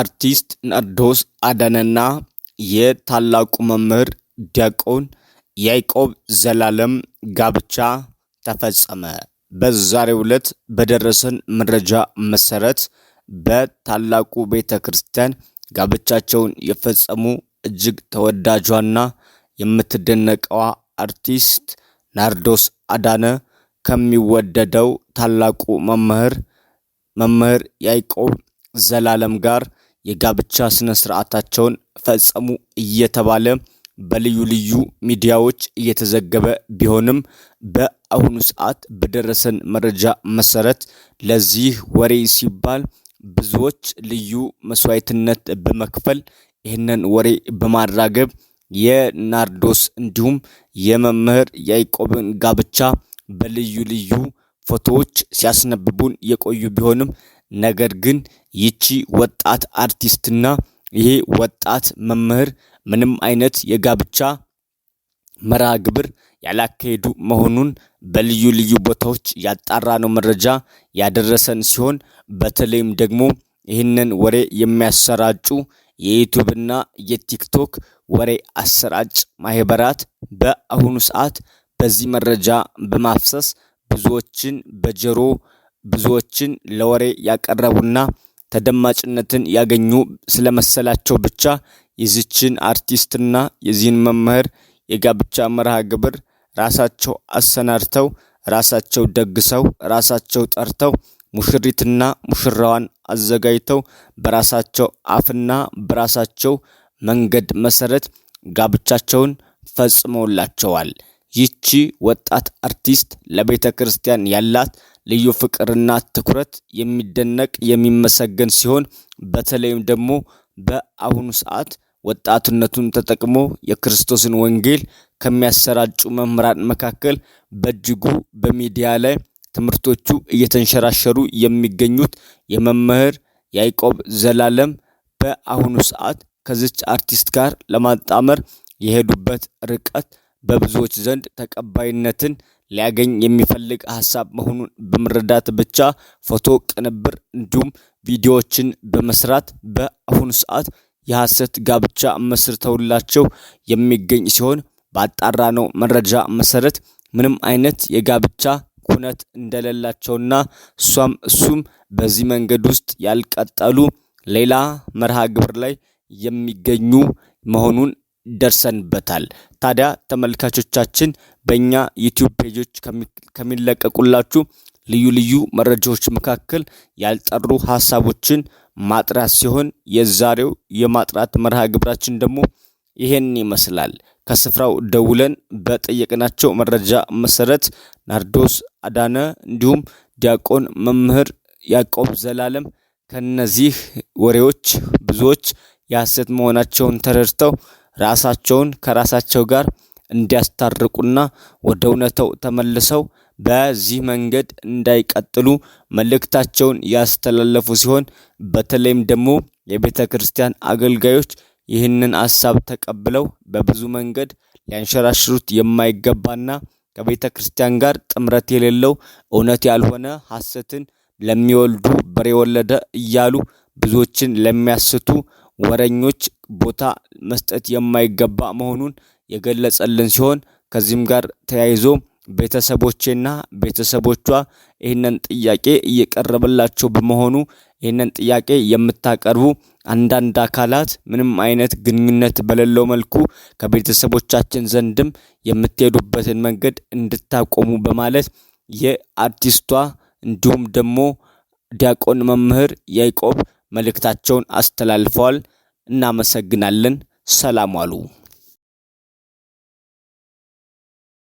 አርቲስት ናርዶስ አዳነና የታላቁ መምህር ዲያቆን ያዕቆብ ዘላለም ጋብቻ ተፈጸመ። በዛሬው ዕለት በደረሰን መረጃ መሰረት በታላቁ ቤተ ክርስቲያን ጋብቻቸውን የፈጸሙ እጅግ ተወዳጇና የምትደነቀዋ አርቲስት ናርዶስ አዳነ ከሚወደደው ታላቁ መምህር መምህር ያዕቆብ ዘላለም ጋር የጋብቻ ስነ ስርዓታቸውን ፈጸሙ እየተባለ በልዩ ልዩ ሚዲያዎች እየተዘገበ ቢሆንም በአሁኑ ሰዓት በደረሰን መረጃ መሰረት ለዚህ ወሬ ሲባል ብዙዎች ልዩ መስዋዕትነት በመክፈል ይህንን ወሬ በማራገብ የናርዶስ እንዲሁም የመምህር ያዕቆብን ጋብቻ በልዩ ልዩ ፎቶዎች ሲያስነብቡን የቆዩ ቢሆንም ነገር ግን ይቺ ወጣት አርቲስትና ይሄ ወጣት መምህር ምንም አይነት የጋብቻ መርሃ ግብር ያላካሄዱ መሆኑን በልዩ ልዩ ቦታዎች ያጣራነው መረጃ ያደረሰን ሲሆን በተለይም ደግሞ ይህንን ወሬ የሚያሰራጩ የዩቱብና የቲክቶክ ወሬ አሰራጭ ማህበራት በአሁኑ ሰዓት በዚህ መረጃ በማፍሰስ ብዙዎችን በጆሮ ብዙዎችን ለወሬ ያቀረቡና ተደማጭነትን ያገኙ ስለመሰላቸው ብቻ የዚችን አርቲስትና የዚህን መምህር የጋብቻ መርሃ ግብር ራሳቸው አሰናድተው ራሳቸው ደግሰው ራሳቸው ጠርተው ሙሽሪትና ሙሽራዋን አዘጋጅተው በራሳቸው አፍና በራሳቸው መንገድ መሰረት ጋብቻቸውን ፈጽመውላቸዋል። ይቺ ወጣት አርቲስት ለቤተ ክርስቲያን ያላት ልዩ ፍቅርና ትኩረት የሚደነቅ የሚመሰገን ሲሆን በተለይም ደግሞ በአሁኑ ሰዓት ወጣትነቱን ተጠቅሞ የክርስቶስን ወንጌል ከሚያሰራጩ መምህራን መካከል በእጅጉ በሚዲያ ላይ ትምህርቶቹ እየተንሸራሸሩ የሚገኙት የመምህር ያዕቆብ ዘላለም በአሁኑ ሰዓት ከዚች አርቲስት ጋር ለማጣመር የሄዱበት ርቀት በብዙዎች ዘንድ ተቀባይነትን ሊያገኝ የሚፈልግ ሀሳብ መሆኑን በመረዳት ብቻ ፎቶ ቅንብር እንዲሁም ቪዲዮዎችን በመስራት በአሁኑ ሰዓት የሐሰት ጋብቻ መስርተውላቸው የሚገኝ ሲሆን ባጣራነው መረጃ መሰረት ምንም አይነት የጋብቻ ኩነት እንደሌላቸውና እሷም እሱም በዚህ መንገድ ውስጥ ያልቀጠሉ ሌላ መርሃ ግብር ላይ የሚገኙ መሆኑን ደርሰንበታል። ታዲያ ተመልካቾቻችን በእኛ ዩቲዩብ ፔጆች ከሚለቀቁላችሁ ልዩ ልዩ መረጃዎች መካከል ያልጠሩ ሀሳቦችን ማጥራት ሲሆን የዛሬው የማጥራት መርሃ ግብራችን ደግሞ ይሄን ይመስላል። ከስፍራው ደውለን በጠየቅናቸው መረጃ መሰረት ናርዶስ አዳነ እንዲሁም ዲያቆን መምህር ያዕቆብ ዘላለም ከነዚህ ወሬዎች ብዙዎች የሐሰት መሆናቸውን ተረድተው ራሳቸውን ከራሳቸው ጋር እንዲያስታርቁና ወደ እውነተው ተመልሰው በዚህ መንገድ እንዳይቀጥሉ መልእክታቸውን ያስተላለፉ ሲሆን በተለይም ደግሞ የቤተ ክርስቲያን አገልጋዮች ይህንን ሀሳብ ተቀብለው በብዙ መንገድ ሊያንሸራሽሩት የማይገባና ከቤተ ክርስቲያን ጋር ጥምረት የሌለው እውነት ያልሆነ ሐሰትን ለሚወልዱ በሬ ወለደ እያሉ ብዙዎችን ለሚያስቱ ወረኞች ቦታ መስጠት የማይገባ መሆኑን የገለጸልን ሲሆን ከዚህም ጋር ተያይዞ ቤተሰቦቼና ቤተሰቦቿ ይህንን ጥያቄ እየቀረበላቸው በመሆኑ ይህንን ጥያቄ የምታቀርቡ አንዳንድ አካላት ምንም አይነት ግንኙነት በሌለው መልኩ ከቤተሰቦቻችን ዘንድም የምትሄዱበትን መንገድ እንድታቆሙ በማለት የአርቲስቷ እንዲሁም ደግሞ ዲያቆን መምህር ያዕቆብ መልእክታቸውን አስተላልፈዋል። እናመሰግናለን። ሰላም አሉ